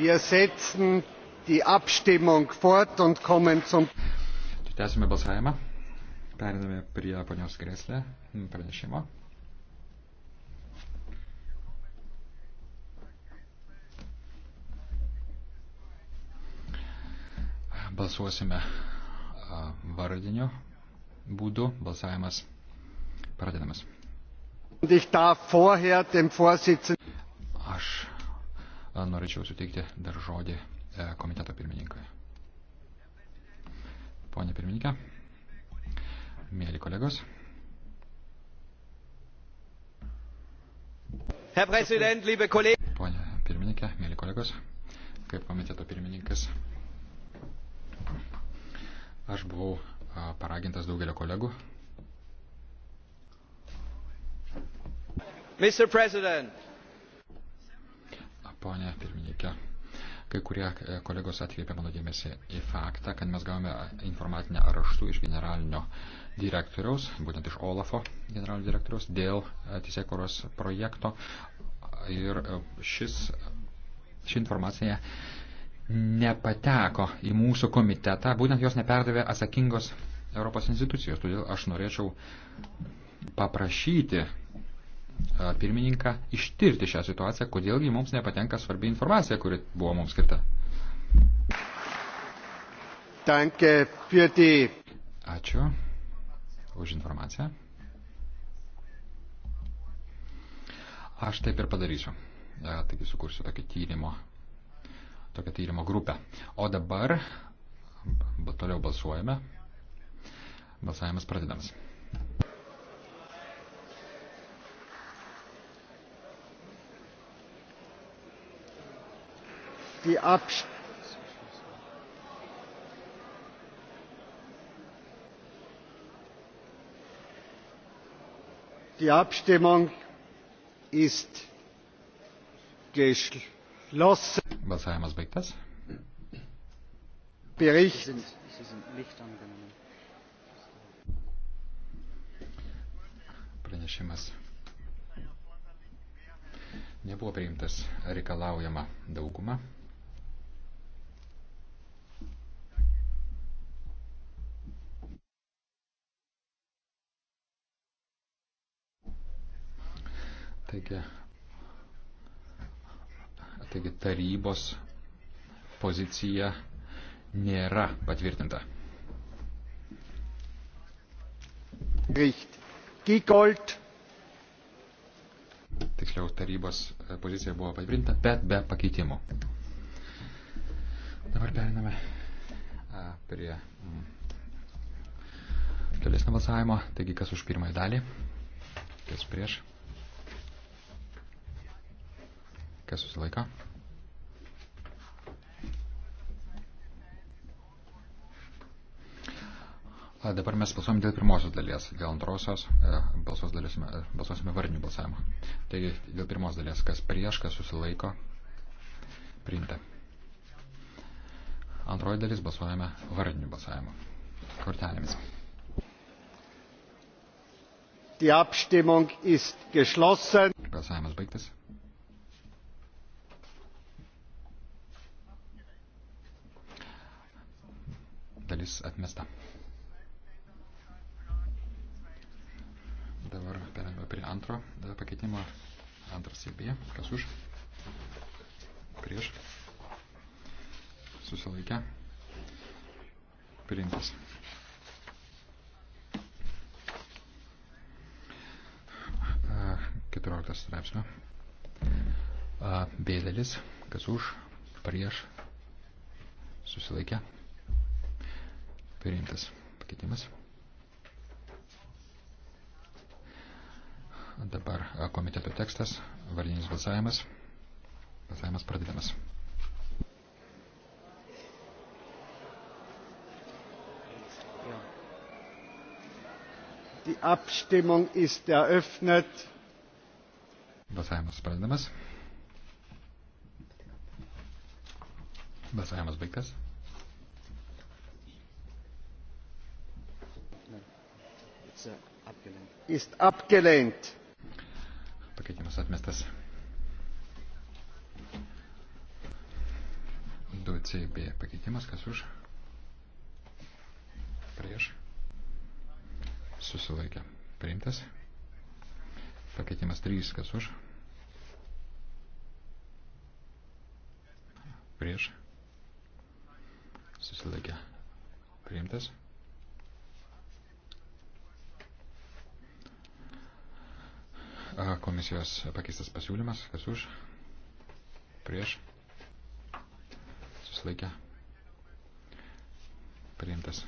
wir setzen die abstimmung fort und kommen zum. tęsiame balsavimą pereiname prie ponios grėslė pranešimo. Balsuosime vardiniu būdu. Balsavimas pradedamas. Aš norėčiau suteikti dar žodį e, komiteto pirmininkui. Pone pirmininkė, mėly kolegos. Pone pirmininkė, mėly kolegos, kaip komiteto pirmininkas, aš buvau paragintas daugelio kolegų. Mr. President ponė pirmininkė. Kai kurie e, kolegos atkreipė mano dėmesį į faktą, kad mes gavome informacinę raštų iš generalinio direktoriaus, būtent iš Olafo generalinio direktoriaus, dėl e, teisėkuros projekto. Ir e, šis, ši informacija nepateko į mūsų komitetą, būtent jos neperdavė atsakingos Europos institucijos. Todėl aš norėčiau paprašyti pirmininką ištirti šią situaciją, kodėlgi mums nepatenka svarbi informacija, kuri buvo mums skirta. Ačiū už informaciją. Aš taip ir padarysiu. Ja, taigi sukursiu tokį tyrimo, tokią tyrimo grupę. O dabar toliau balsuojame. Balsavimas pradedamas. die Abstimmung. Die Abstimmung ist geschlossen. Balsavimas baigtas. Bericht. Pranešimas nebuvo priimtas reikalaujama dauguma Taigi, taigi tarybos pozicija nėra patvirtinta. Richt. Gigold. Tiksliau, tarybos pozicija buvo patvirtinta, bet be pakeitimų. Dabar periname prie tolesnio balsavimo. Taigi, kas už pirmąją dalį, kas prieš. Kas susilaiko? A, dabar mes balsuom dėl pirmosios dalies, dėl antrosios e, balsos dalies, e, balsuosime varnių balsavimą. Taigi dėl pirmos dalies, kas prieš, kas susilaiko, priimta. Antroji dalis balsuojame varnių balsavimą kortelėmis. Die Abstimmung ist geschlossen. Balsavimas baigtas. dalis atmesta. Dabar perėmėme prie antro e, pakeitimo. Antras įbėje. Kas už? Prieš. Susilaikę. Priimtas. E, keturioliktas straipsnio. E, Bėdelis. Kas už? Prieš. Susilaikę. Priimtas pakeitimas. Dabar komiteto tekstas, vardinis balsavimas. Balsavimas pradedamas. Die Abstimmung ist eröffnet. Balsavimas pradedamas. Balsavimas baigtas. Ist abgelehnt. Pakeitimas atmestas. 2CB pakeitimas, kas už? Prieš. Susilaikė. Priimtas. Pakeitimas 3, kas už? Prieš. Susilaikė. Priimtas. komisijos pakeistas pasiūlymas, kas už, prieš, susilaikė, priimtas.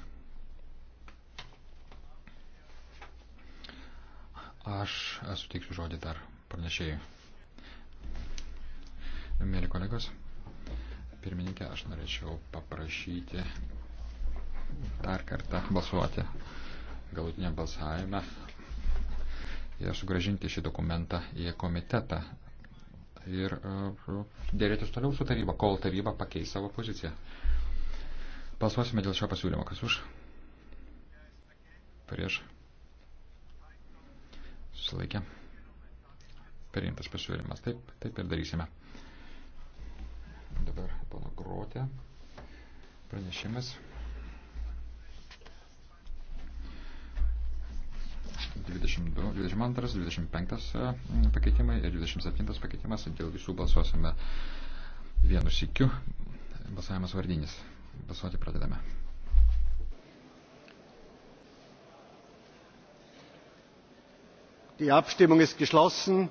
Aš suteiksiu žodį dar pranešėjui. Mėly kolegos, pirmininkė, aš norėčiau paprašyti dar kartą balsuoti galutinė balsavime ir sugražinti šį dokumentą į komitetą ir e, dėrėtis toliau su taryba, kol taryba pakeis savo poziciją. Balsuosime dėl šio pasiūlymo. Kas už? Prieš. Susilaikė. Priimtas pasiūlymas. Taip, taip ir darysime. Dabar pono Grotė pranešimas. 22, 22, 25 pakeitimai ir 27 pakeitimas. Dėl visų balsuosime vienu sikiu. Balsavimas vardinis. Balsuoti pradedame. Die Abstimmung ist geschlossen.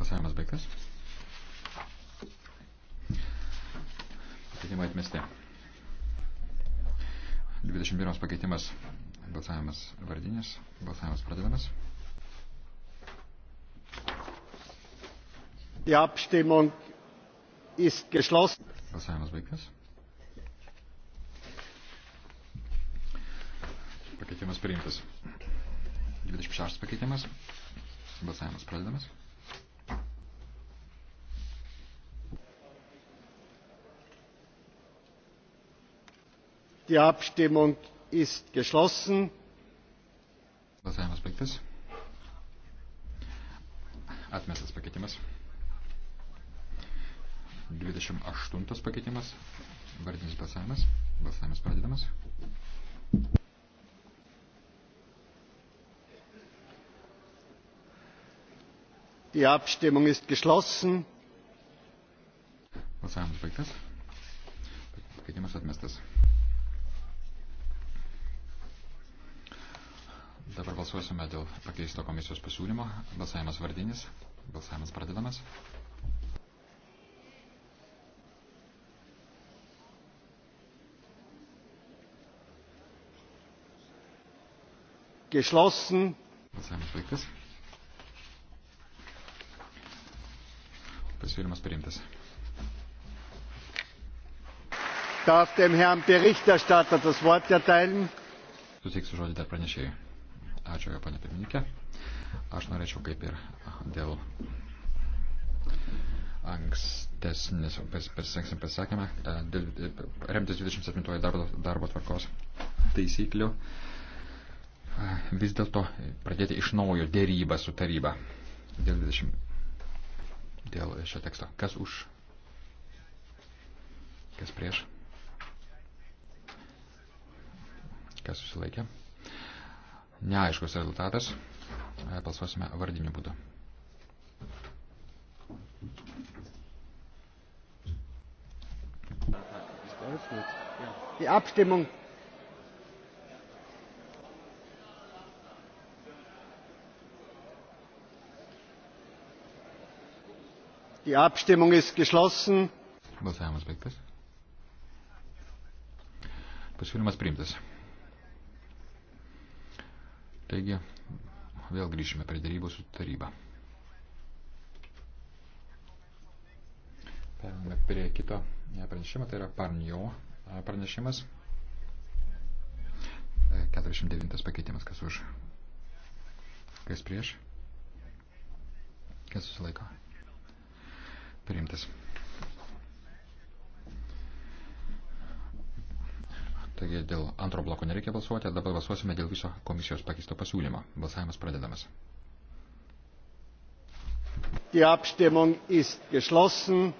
Balsavimas baigtas. Pakeitimai atmesti. 21 pakeitimas Balsavimas vardinis. Balsavimas pradedamas. Die Abstimmung ist geschlossen. Balsavimas baigtas. Pakeitimas priimtas. 26 pakeitimas. Balsavimas pradedamas. Die Abstimmung ist geschlossen. Balsavimas baigtas. Atmestas pakeitimas. 28 pakeitimas. Vardinis balsavimas. Balsavimas pradedamas. Die Abstimmung ist geschlossen. Balsavimas baigtas. Pakeitimas atmestas. Dabar balsuosime dėl pakeisto komisijos pasiūlymo. Balsavimas vardinis. Balsavimas pradedamas. Geschlossen. Balsavimas baigtas. Pasiūlymas priimtas. Darf dem Herrn Berichterstatter das Wort erteilen? Suteiksiu žodį dar pranešėjui. Ačiū, panė pirmininkė. Aš norėčiau kaip ir dėl ankstesnis pasisakymą, e, e, remtis 27 darbo, darbo tvarkos taisyklių, e, vis dėlto pradėti iš naujo dėrybą su taryba dėl, 20, dėl šio teksto. Kas už? Kas prieš? Kas susilaikė? Neaiškus rezultatas. E, balsuosime vardiniu būdu. Die Abstimmung. Die Abstimmung ist geschlossen. Balsavimas baigtas. Pasiūlymas priimtas. Taigi, vėl grįžime prie darybų su taryba. Perėmėme prie kito pranešimo, tai yra Parnio pranešimas. 49 e, pakeitimas, kas už, kas prieš, kas susilaiko. Priimtas. Taigi dėl antro bloko nereikia balsuoti, dabar balsuosime dėl viso komisijos pakeisto pasiūlymo. Balsavimas pradedamas. Die Abstimmung ist geschlossen.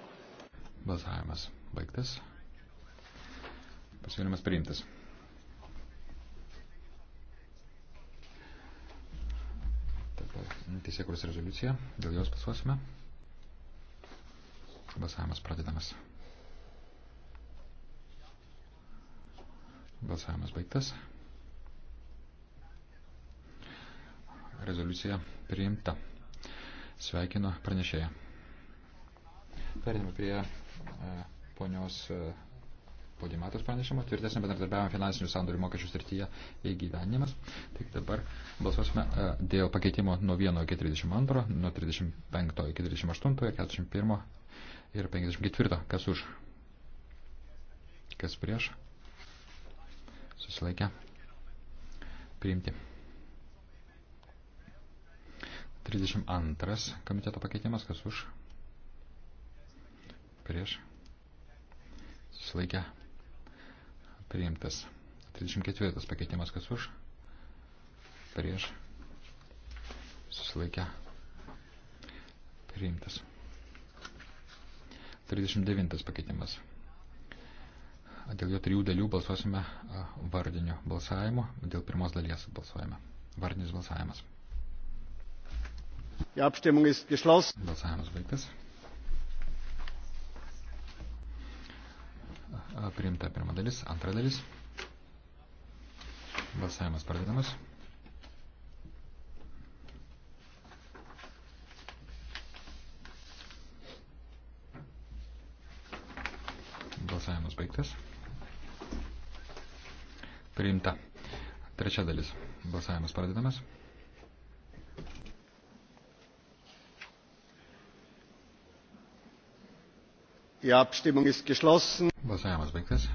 Balsavimas baigtas. Pasiūlymas priimtas. Teisėkuros rezoliucija, dėl jos balsuosime. Balsavimas pradedamas. Balsavimas baigtas. Rezoliucija priimta. Sveikinu pranešėją. Perėdame prie e, ponios e, podimatos pranešimo, tvirtesnio bendradarbiavimo finansinių sandorių mokesčių srityje įgyvenimas. Tik dabar balsuosime e, dėl pakeitimo nuo 1 iki 32, nuo 35 iki 38, 41 ir 54. Kas už? Kas prieš? susilaikę, priimti. 32 komiteto pakeitimas, kas už, prieš, susilaikę, priimtas. 34 pakeitimas, kas už, prieš, susilaikę, priimtas. 39 pakeitimas. Dėl jo trijų dalių balsuosime vardiniu balsavimu. Dėl pirmos dalies balsuojame. Vardinis balsavimas. Balsavimas baigtas. Priimta pirma dalis, antra dalis. Balsavimas pradedamas. Balsavimas baigtas. Priimta. Trečia dalis. Balsavimas pradedamas. Die Abstimmung ist geschlossen. Balsavimas baigtas.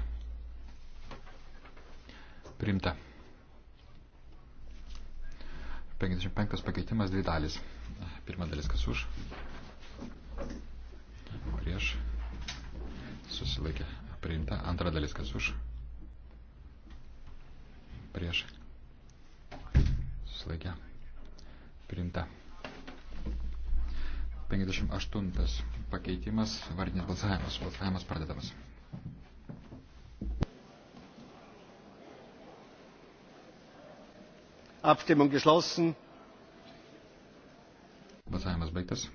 Priimta. 55 pakeitimas dvi dalis. Pirma dalis kas už. Prieš. Susilaikė. Priimta. Antra dalis kas už prieš susilaikę priimta. 58 pakeitimas, vardinis balsavimas, balsavimas pradedamas. Abstimmung geschlossen. Balsavimas baigtas.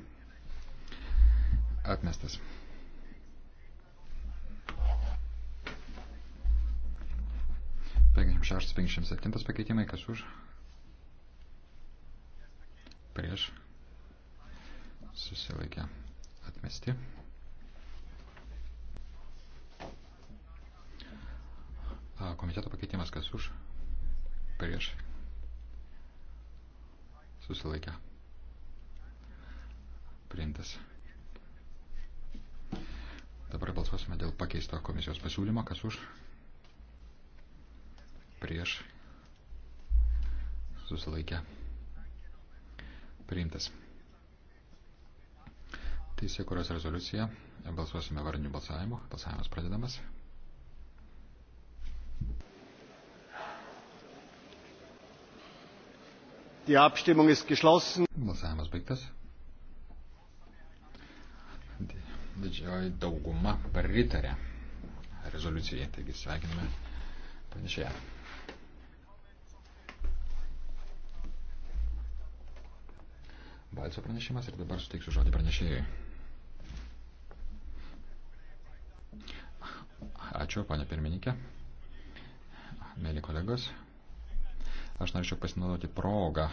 Atmestas. 56-57 pakeitimai, kas už? Prieš. Susilaikė. Atmesti. Komiteto pakeitimas, kas už? Prieš. Susilaikė. Priimtas. Dabar balsuosime dėl pakeisto komisijos pasiūlymo, kas už? prieš susilaikę priimtas. Teisė, kurios rezoliucija balsuosime variniu balsavimu. Balsavimas pradedamas. Die Abstimmung ist geschlossen. Balsavimas baigtas. Didžioji dauguma pritarė rezoliucijai, taigi sveikiname pranešėją. Balco pranešimas ir dabar suteiksiu žodį pranešėjai. Ačiū, panė pirmininkė. Mėly kolegos, aš norėčiau pasinaudoti progą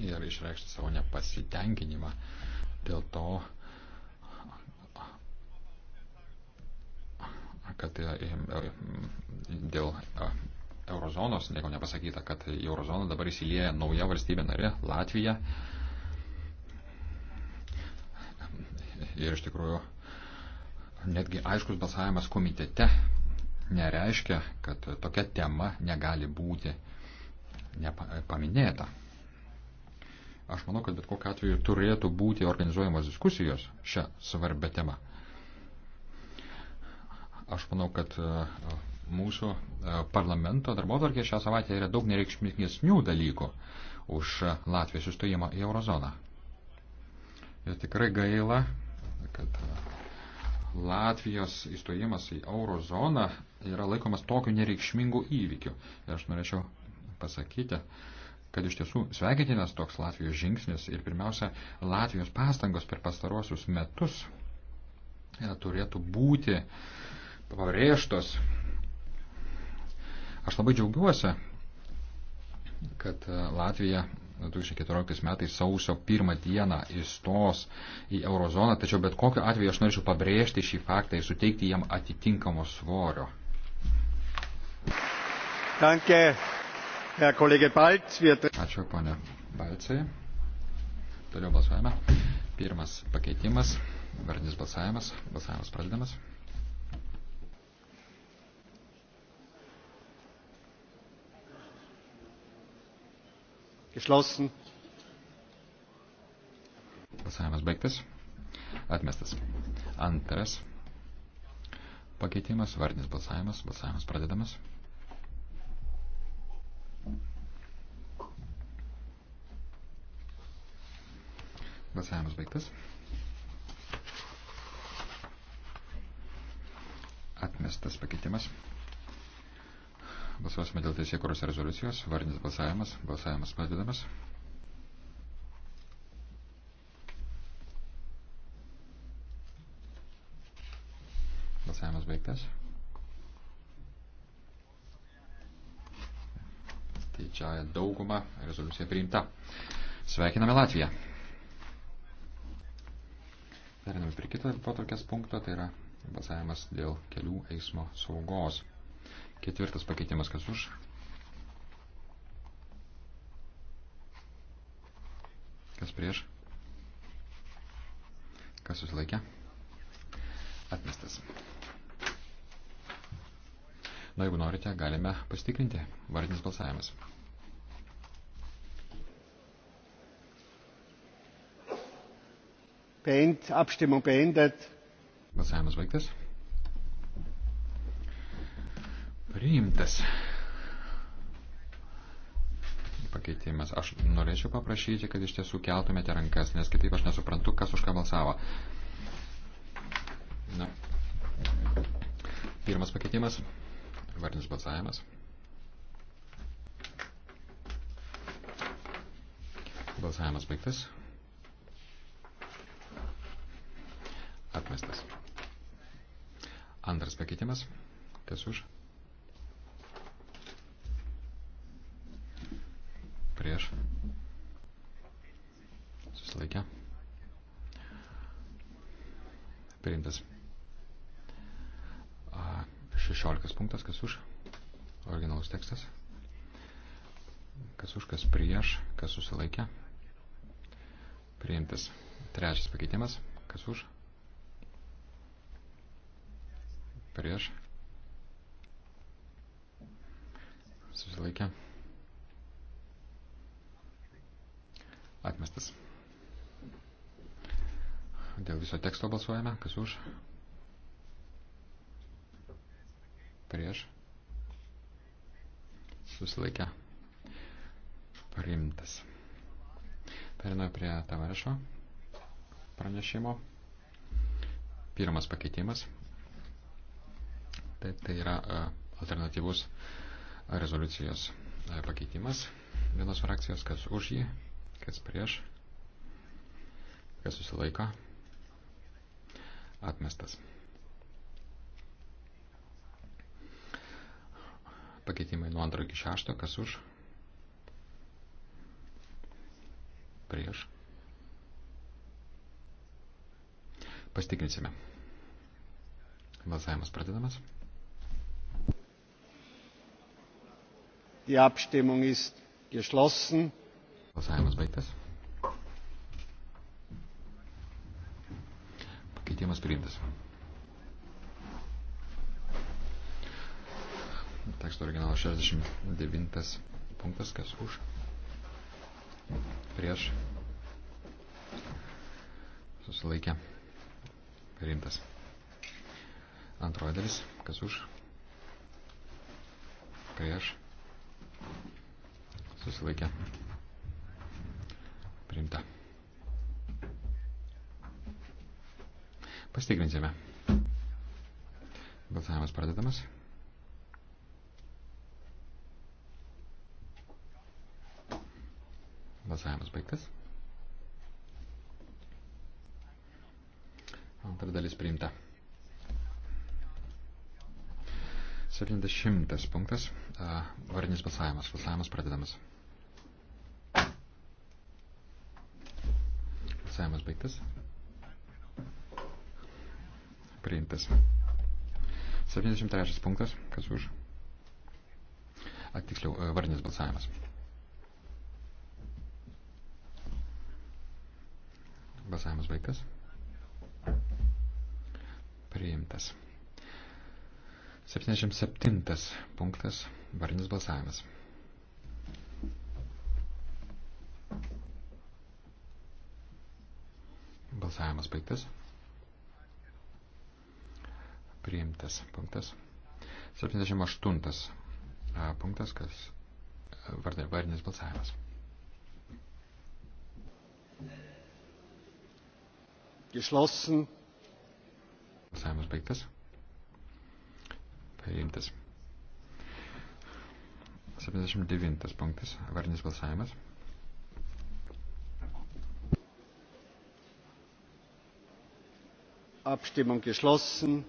ir išreikšti savo nepasitenkinimą dėl to, kad e, e, dėl e, eurozonos, nieko nepasakyta, kad į eurozoną dabar įsilieja nauja valstybė narė - Latvija. Ir iš tikrųjų, netgi aiškus balsavimas komitete nereiškia, kad tokia tema negali būti paminėta. Aš manau, kad bet kokiu atveju turėtų būti organizuojamos diskusijos šią svarbę temą. Aš manau, kad mūsų e, parlamento darbotvarkė šią savaitę yra daug nereikšmingesnių dalykų už Latvijos įstojimą į eurozoną. Ir tikrai gaila, kad Latvijos įstojimas į eurozoną yra laikomas tokiu nereikšmingu įvykiu. Ir aš norėčiau pasakyti, kad iš tiesų sveikintinas toks Latvijos žingsnis ir pirmiausia, Latvijos pastangos per pastaruosius metus e, turėtų būti pabrėžtos Aš labai džiaugiuosi, kad e, Latvija 2014 metais sausio pirmą dieną įstos į eurozoną, tačiau bet kokiu atveju aš norėčiau pabrėžti šį faktą ir suteikti jam atitinkamo svorio. Danke, Herr Kollege Balz. Wir... Ačiū, ponė Balcai. Toliau balsuojame. Pirmas pakeitimas, vardinis balsavimas, balsavimas pradedamas. Geschlossen. Balsavimas baigtas. Atmestas. Antras pakeitimas, vardinis balsavimas, balsavimas pradedamas. Balsavimas baigtas. Atmestas pakeitimas. Balsuosime dėl teisėkuros rezoliucijos. Vardinis balsavimas. Balsavimas pradedamas. Balsavimas baigtas. Tai čia dauguma rezoliucija priimta. Sveikiname Latviją. Periname prie kito potraukės punkto, tai yra balsavimas dėl kelių eismo saugos. Ketvirtas pakeitimas, kas už. Kas prieš? Kas susilaikė? Atmestas. Na, jeigu norite, galime pasitikrinti. Vardinis balsavimas. Beend, Abstimmung beendet. Balsavimas baigtas. Priimtas pakeitimas. Aš norėčiau paprašyti, kad iš tiesų keltumėte rankas, nes kitaip aš nesuprantu, kas už ką balsavo. Na. Pirmas pakeitimas. Vardinis balsavimas. Balsavimas baigtas. Atmestas. Antras pakeitimas. Kas už? prieš. Susilaikė. Priimtas. 16 punktas, kas už. Originalus tekstas. Kas už, kas prieš, kas susilaikė. Priimtas. Trečias pakeitimas. Kas už? Prieš. Susilaikė. Atmestas. Dėl viso teksto balsuojame. Kas už? Prieš. Susilaikę. Priimtas. Perinu prie tavarešo pranešimo. Pirmas pakeitimas. Taip, tai yra e, alternatyvus rezoliucijos e, pakeitimas. Vienos frakcijos, kas už jį, kas prieš, kas susilaiko, atmestas. Pakeitimai nuo antro iki šešto, kas už, prieš. Pastikrinsime. Balsavimas pradedamas. Die Abstimmung ist geschlossen. Balsavimas baigtas. Pakeitimas priimtas. Teksto originalas 69 punktas, kas už. Prieš. Susilaikė. Priimtas. Antroji dalis, kas už. Prieš. Susilaikė. Priimta. Pastikrinsime. Balsavimas pradedamas. Balsavimas baigtas. Antra dalis priimta. 70 punktas. Varinis balsavimas. Balsavimas pradedamas. Balsavimas baigtas. Priimtas. 73 punktas. Kas už? A, tiksliau, e, vardinis balsavimas. Balsavimas baigtas. Priimtas. 77 punktas. Vardinis balsavimas. Balsavimas baigtas. Priimtas punktas. 78 punktas, kas vardinis balsavimas. Geschlossen. Balsavimas baigtas. Priimtas. 79 punktas, vardinis balsavimas. Abstimmung geschlossen.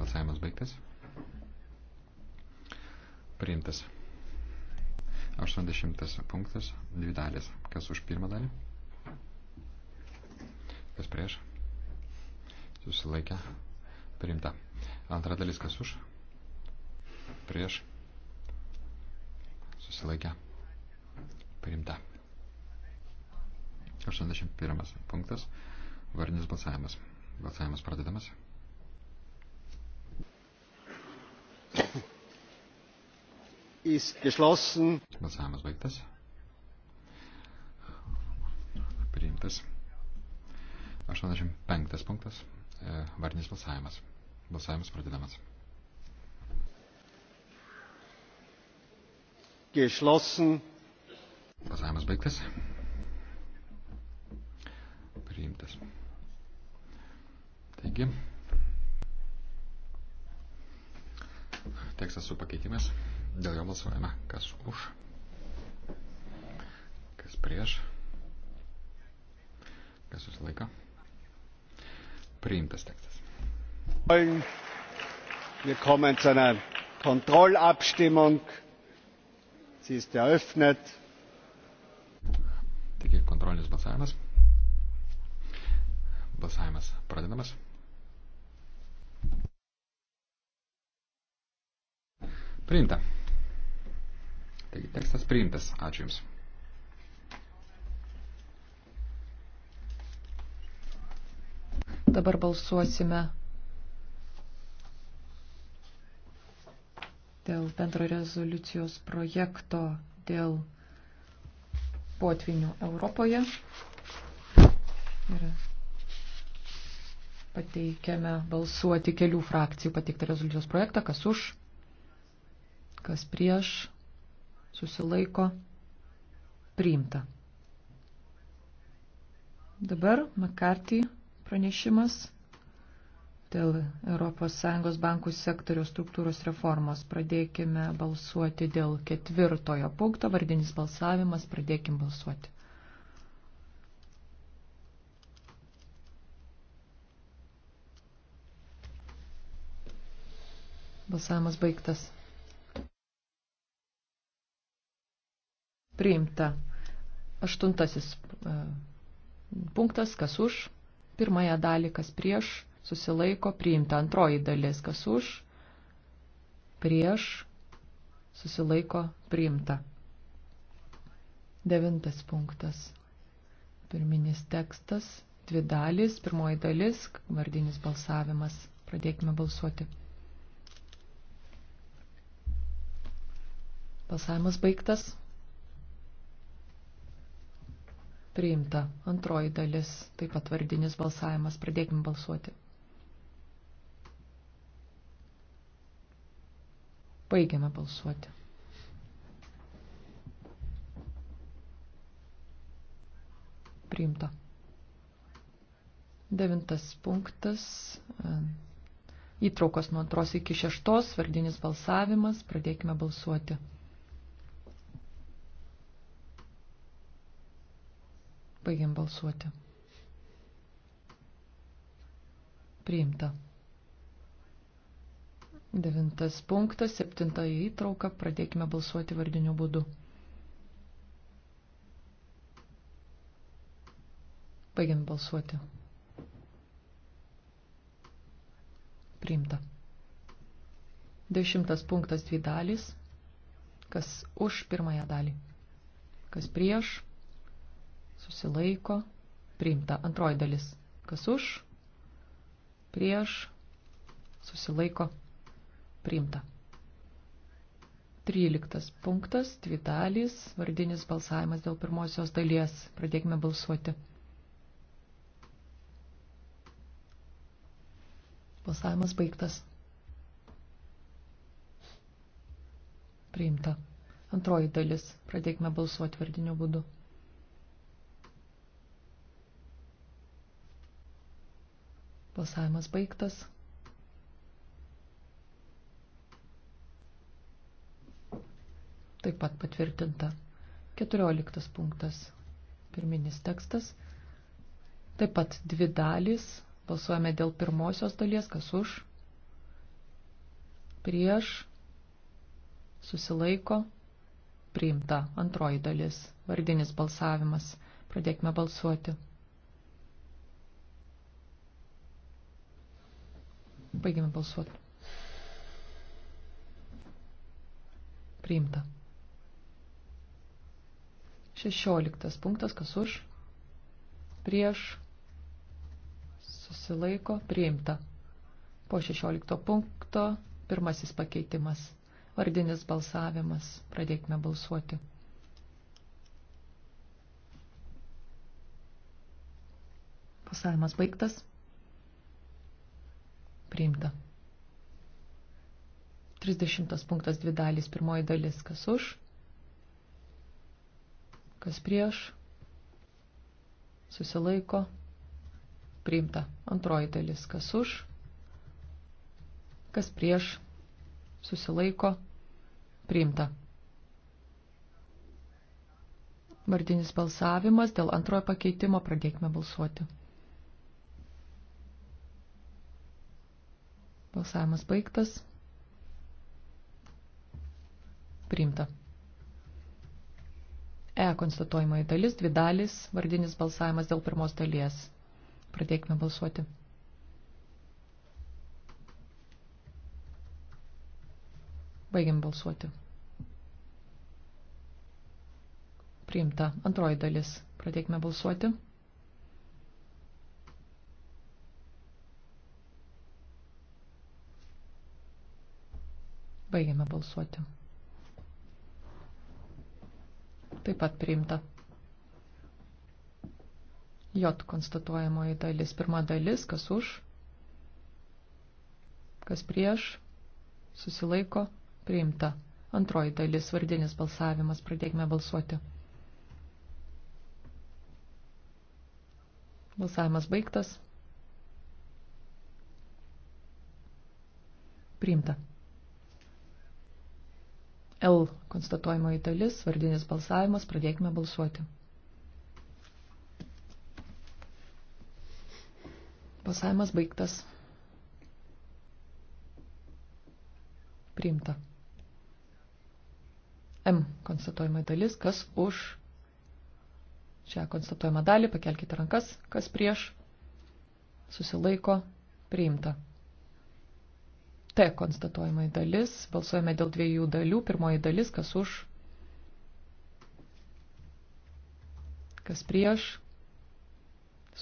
Balsavimas baigtas. Priimtas. 80 punktas, dvi dalis. Kas už pirmą dalį? Kas prieš? Susilaikę. Priimta. Antra dalis kas už? Prieš. Susilaikę. Priimta. 81 punktas. Vardinis balsavimas. Balsavimas pradedamas. Balsavimas baigtas. Priimtas. 85 punktas. E, Varnis balsavimas. Balsavimas pradedamas. Geschlossen. Balsavimas baigtas. Priimtas. Taigi, tekstas su pakeitimais, dėl jo balsuojame, kas už, kas prieš, kas susilaiko. Priimtas tekstas. Wir kommen zu einer Kontrollabstimmung. Sie ist eröffnet. Taigi kontrolinis balsavimas. Balsavimas pradedamas. Priimta. Taigi tekstas priimtas. Ačiū Jums. Dabar balsuosime dėl bendro rezoliucijos projekto dėl potvinių Europoje. Ir pateikiame balsuoti kelių frakcijų pateiktą rezoliucijos projektą, kas už, kas prieš, susilaiko, priimta. Dabar McCarthy pranešimas dėl ES bankų sektoriaus struktūros reformos. Pradėkime balsuoti dėl ketvirtojo punkto, vardinis balsavimas, pradėkime balsuoti. Balsavimas baigtas. Priimta. Aštuntasis e, punktas, kas už. Pirmąją dalį, kas prieš. Susilaiko. Priimta. Antroji dalis, kas už. Prieš. Susilaiko. Priimta. Devintas punktas. Pirminis tekstas. Dvi dalis. Pirmoji dalis. Vardinis balsavimas. Pradėkime balsuoti. Balsavimas baigtas. Priimta. Antroji dalis. Taip pat vardinis balsavimas. Pradėkime balsuoti. Baigiame balsuoti. Priimta. Devintas punktas. Įtraukos nuo antros iki šeštos. Vardinis balsavimas. Pradėkime balsuoti. Baigiam balsuoti. Priimta. Devintas punktas, septinta įtrauka, pradėkime balsuoti vardiniu būdu. Baigiam balsuoti. Priimta. Dešimtas punktas dvi dalys. Kas už pirmąją dalį? Kas prieš? susilaiko, priimta. Antroji dalis, kas už, prieš, susilaiko, priimta. Tryliktas punktas, dvi dalys, vardinis balsavimas dėl pirmosios dalies. Pradėkime balsuoti. Balsavimas baigtas. Priimta. Antroji dalis. Pradėkime balsuoti vardiniu būdu. Balsavimas baigtas. Taip pat patvirtinta. 14 punktas. Pirminis tekstas. Taip pat dvi dalys. Balsuojame dėl pirmosios dalies, kas už, prieš, susilaiko, priimta antroji dalis, vardinis balsavimas. Pradėkime balsuoti. Baigime balsuoti. Priimta. Šešioliktas punktas, kas už, prieš, susilaiko, priimta. Po šešiolikto punkto pirmasis pakeitimas, vardinis balsavimas, pradėkime balsuoti. Balsavimas baigtas. Priimta. 30 punktas dvi dalys. Pirmoji dalis kas už, kas prieš, susilaiko, priimta. Antroji dalis kas už, kas prieš, susilaiko, priimta. Vardinis balsavimas dėl antrojo pakeitimo pradėkime balsuoti. Balsavimas baigtas. Priimta. E konstatuojamoji dalis, dvi dalis, vardinis balsavimas dėl pirmos dalies. Pradėkime balsuoti. Baigiam balsuoti. Priimta. Antroji dalis. Pradėkime balsuoti. Baigiame balsuoti. Taip pat priimta. J konstatuojamoji dalis. Pirma dalis, kas už, kas prieš, susilaiko, priimta. Antroji dalis, vardinis balsavimas, pradėkime balsuoti. Balsavimas baigtas. Priimta. L konstatuojamoji dalis, vardinis balsavimas, pradėkime balsuoti. Balsavimas baigtas. Priimta. M konstatuojama dalis, kas už šią konstatuojamą dalį, pakelkite rankas, kas prieš, susilaiko, priimta. T konstatuojamai dalis. Balsuojame dėl dviejų dalių. Pirmoji dalis, kas už, kas prieš,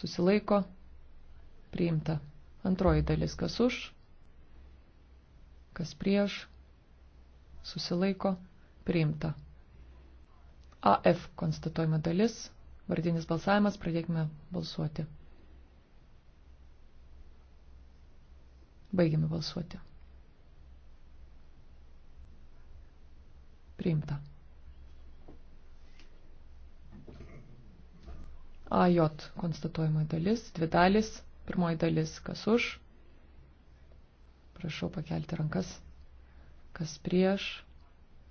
susilaiko, priimta. Antroji dalis, kas už, kas prieš, susilaiko, priimta. AF konstatuojama dalis, vardinis balsavimas, pradėkime balsuoti. Baigiame balsuoti. Priimta. AJ konstatuojama dalis, dvi dalis, pirmoji dalis, kas už. Prašau pakelti rankas, kas prieš,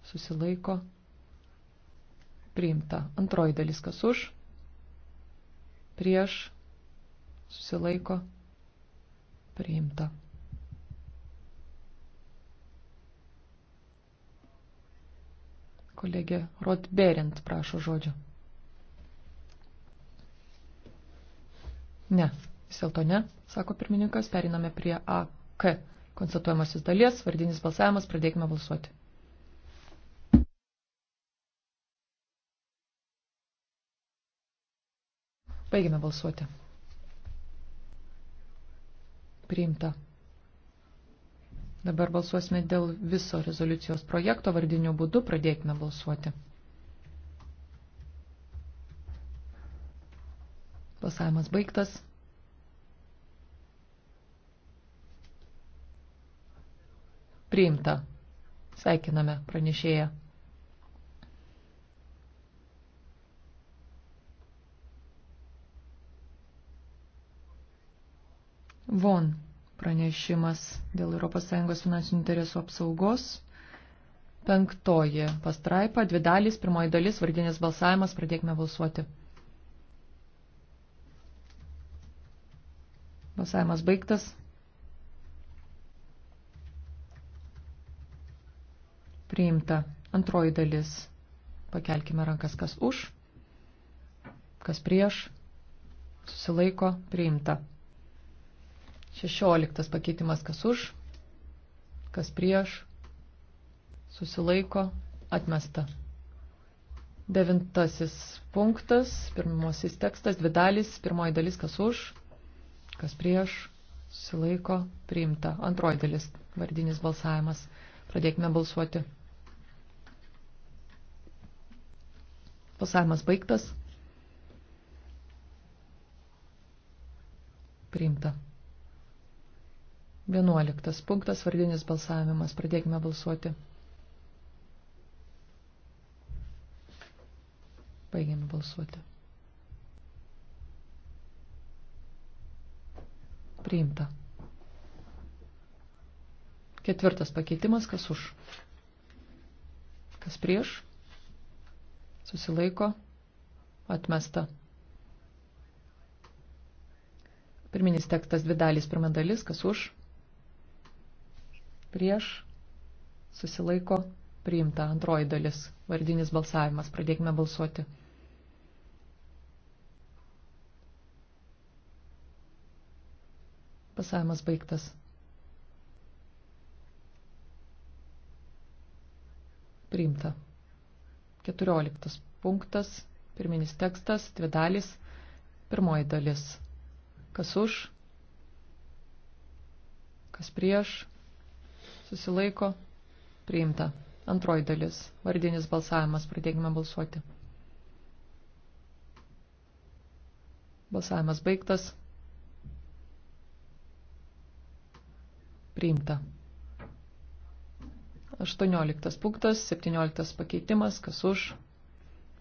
susilaiko. Priimta. Antroji dalis, kas už, prieš, susilaiko. Priimta. Kolegė Rotberint prašo žodžio. Ne, vis dėlto ne, sako pirmininkas, periname prie AK. Konstatuojamasis dalies, vardinis balsavimas, pradėkime balsuoti. Baigime balsuoti. Priimta. Dabar balsuosime dėl viso rezoliucijos projekto vardiniu būdu. Pradėkime balsuoti. Balsavimas baigtas. Priimta. Sveikiname pranešėją. Von pranešimas dėl ES finansinių interesų apsaugos. Penktoji pastraipa, dvi dalys, pirmoji dalis, vardinės balsavimas, pradėkime balsuoti. Balsavimas baigtas. Priimta. Antroji dalis. Pakelkime rankas, kas už, kas prieš, susilaiko, priimta. Šešioliktas pakeitimas kas už, kas prieš, susilaiko, atmesta. Devintasis punktas, pirmasis tekstas, dvi dalis, pirmoji dalis kas už, kas prieš, susilaiko, priimta. Antroji dalis, vardinis balsavimas. Pradėkime balsuoti. Balsavimas baigtas. Priimta. Vienuoliktas punktas, vardinis balsavimas. Pradėkime balsuoti. Baigėme balsuoti. Priimta. Ketvirtas pakeitimas, kas už. Kas prieš. Susilaiko. Atmesta. Pirminis tekstas dvi dalys, pirma dalis, kas už prieš, susilaiko, priimta. Antroji dalis, vardinis balsavimas. Pradėkime balsuoti. Pasavimas baigtas. Priimta. 14 punktas, pirminis tekstas, dvi dalys, pirmoji dalis. Kas už, kas prieš, susilaiko, priimta. Antroji dalis, vardinis balsavimas, pradėkime balsuoti. Balsavimas baigtas. Priimta. 18 punktas, 17 pakeitimas, kas už,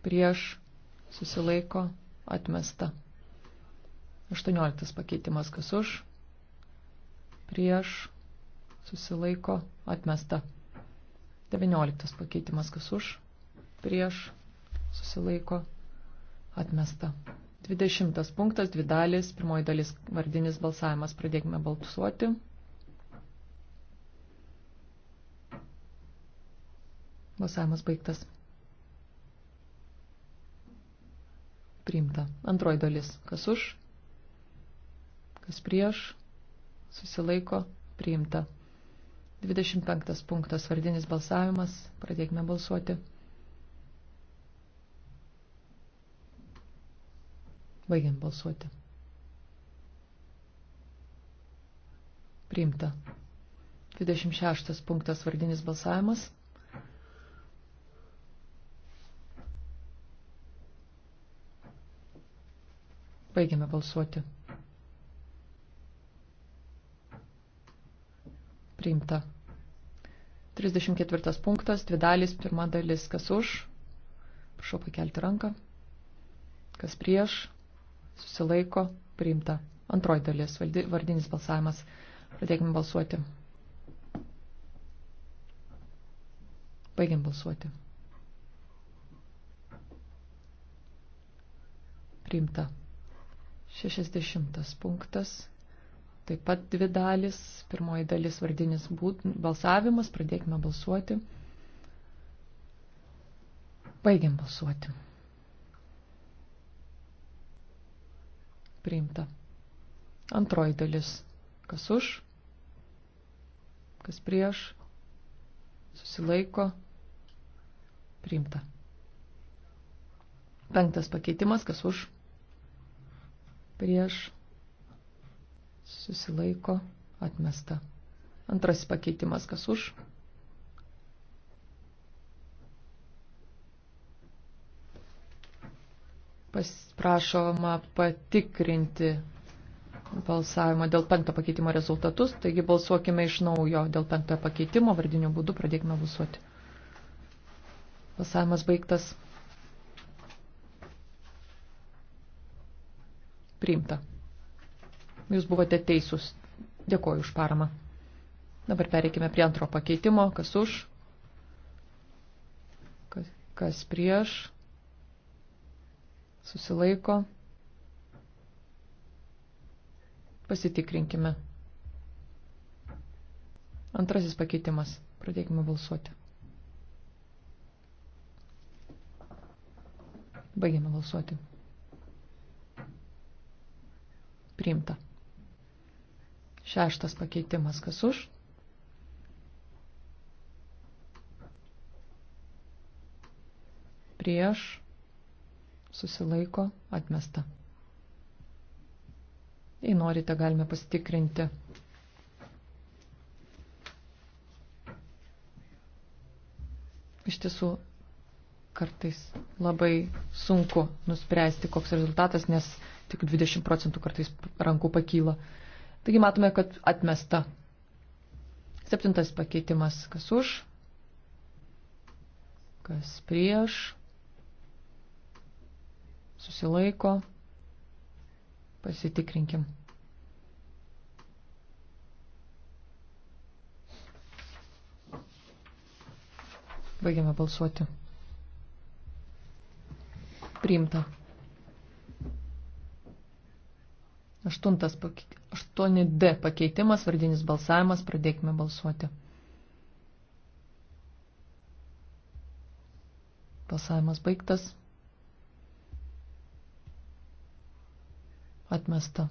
prieš, susilaiko, atmesta. 18 pakeitimas, kas už, prieš, susilaiko, atmesta. 19 pakeitimas, kas už, prieš, susilaiko, atmesta. 20 punktas, dvi dalis, pirmoji dalis vardinis balsavimas, pradėkime balsuoti. Balsavimas baigtas. Priimta. Antroji dalis, kas už, kas prieš, susilaiko, priimta. 25 punktas vardinis balsavimas. Pradėkime balsuoti. Baigiam balsuoti. Priimta. 26 punktas vardinis balsavimas. Baigiame balsuoti. Priimta. 34 punktas, dvi dalys, pirma dalis, kas už, prašau pakelti ranką, kas prieš, susilaiko, priimta. Antroji dalis, vardinis balsavimas, pradėkime balsuoti. Baigiam balsuoti. Priimta. 60 punktas. Taip pat dvi dalis. Pirmoji dalis vardinis būt, balsavimas. Pradėkime balsuoti. Baigiam balsuoti. Priimta. Antroji dalis. Kas už? Kas prieš? Susilaiko. Priimta. Penktas pakeitimas. Kas už? Prieš susilaiko, atmesta. Antrasis pakeitimas, kas už, prašoma patikrinti balsavimo dėl penkto pakeitimo rezultatus, taigi balsuokime iš naujo dėl penktojo pakeitimo, vardiniu būdu pradėkime balsuoti. Balsavimas baigtas. Priimta. Jūs buvote teisūs. Dėkoju už paramą. Dabar pereikime prie antro pakeitimo. Kas už? Kas, kas prieš? Susilaiko. Pasitikrinkime. Antrasis pakeitimas. Pradėkime balsuoti. Baigėme balsuoti. Priimta. Šeštas pakeitimas, kas už? Prieš susilaiko atmesta. Jei norite, galime pasitikrinti. Iš tiesų, kartais labai sunku nuspręsti, koks rezultatas, nes tik 20 procentų kartais rankų pakyla. Taigi matome, kad atmesta. Septintas pakeitimas. Kas už? Kas prieš? Susilaiko. Pasitikrinkim. Baigiame balsuoti. Priimta. Aštuntas, 8D pakeitimas, vardinis balsavimas, pradėkime balsuoti. Balsavimas baigtas. Atmesta.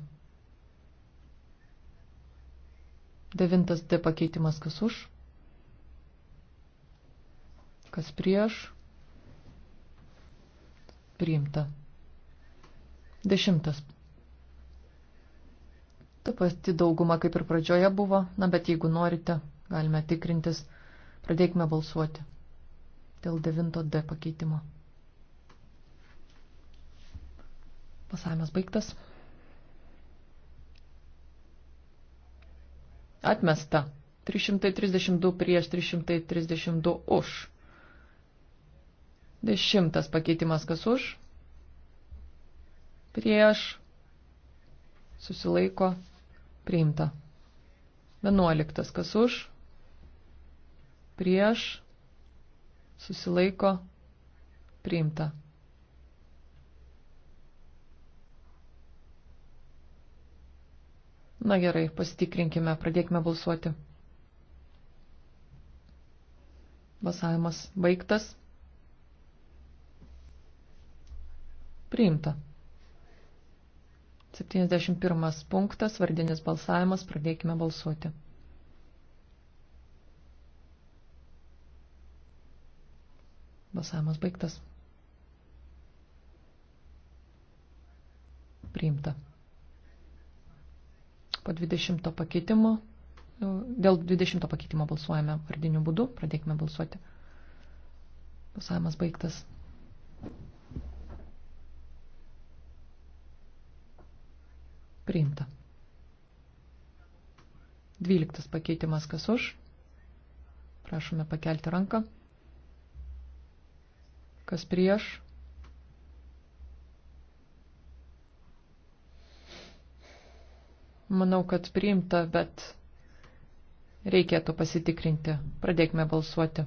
Devintas D pakeitimas, kas už, kas prieš, priimta. Dešimtas Ta pati dauguma kaip ir pradžioje buvo, na bet jeigu norite, galime tikrintis. Pradėkime balsuoti dėl 9D pakeitimo. Pasavimas baigtas. Atmesta. 332 prieš 332 už. Dešimtas pakeitimas kas už. Prieš. Susilaiko Priimta. 11. Kas už? Prieš. Susilaiko. Priimta. Na gerai, pasitikrinkime, pradėkime balsuoti. Balsavimas baigtas. Priimta. 71 punktas, vardinis balsavimas, pradėkime balsuoti. Balsavimas baigtas. Priimta. Po 20 pakeitimo, nu, dėl 20 pakeitimo balsuojame vardiniu būdu, pradėkime balsuoti. Balsavimas baigtas. Priimta. Dvyliktas pakeitimas kas už. Prašome pakelti ranką. Kas prieš? Manau, kad priimta, bet reikėtų pasitikrinti. Pradėkime balsuoti.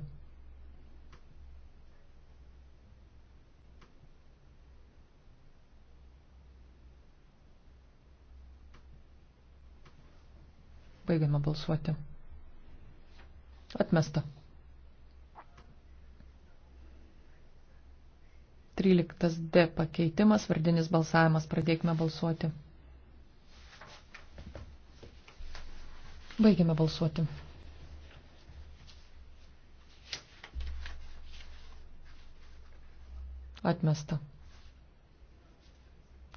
Baigiame balsuoti. Atmesta. 13D pakeitimas, vardinis balsavimas, pradėkime balsuoti. Baigiame balsuoti. Atmesta.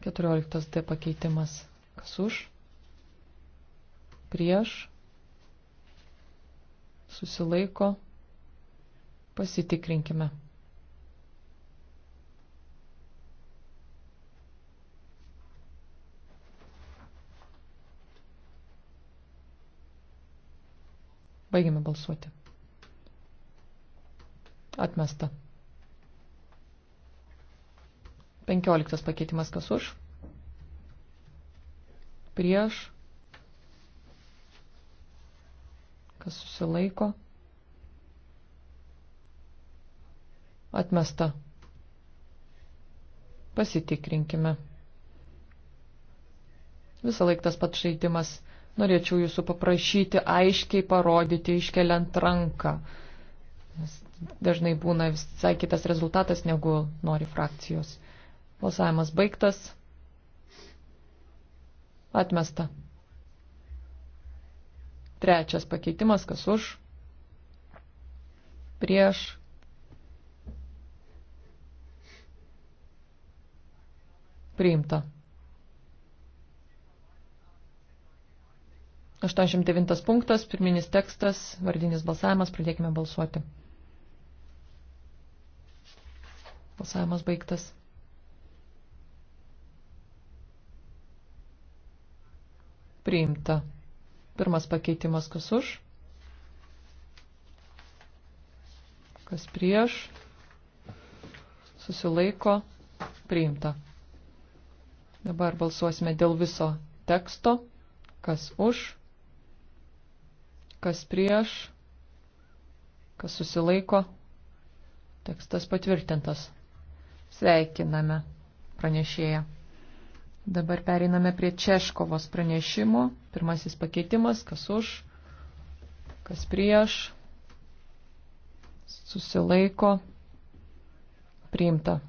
14D pakeitimas. Kas už? prieš, susilaiko, pasitikrinkime. Baigiame balsuoti. Atmesta. 15 pakeitimas kas už? Prieš kas susilaiko, atmesta. Pasitikrinkime. Visą laiką tas pats žaidimas. Norėčiau jūsų paprašyti aiškiai parodyti, iškeliant ranką. Nes dažnai būna visai kitas rezultatas, negu nori frakcijos. Balsavimas baigtas. Atmesta. Trečias pakeitimas, kas už, prieš. Priimta. 89 punktas, pirminis tekstas, vardinis balsavimas, pradėkime balsuoti. Balsavimas baigtas. Priimta. Pirmas pakeitimas kas už, kas prieš, susilaiko, priimta. Dabar balsuosime dėl viso teksto, kas už, kas prieš, kas susilaiko. Tekstas patvirtintas. Sveikiname pranešėją. Dabar pereiname prie Češkovos pranešimo. Pirmasis pakeitimas, kas už, kas prieš, susilaiko, priimta.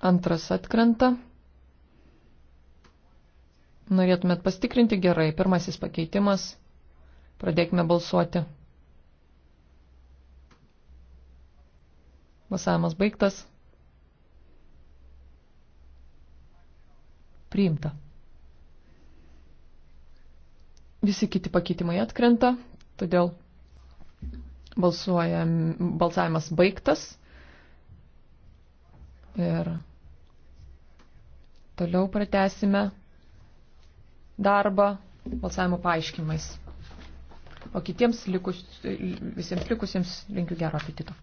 Antras atkrenta. Norėtumėt pastikrinti gerai. Pirmasis pakeitimas. Pradėkime balsuoti. Balsavimas baigtas. priimta. Visi kiti pakeitimai atkrenta, todėl balsavimas baigtas. Ir toliau pratesime darbą balsavimo paaiškimais. O kitiems likus, visiems likusiems linkiu gero apetito.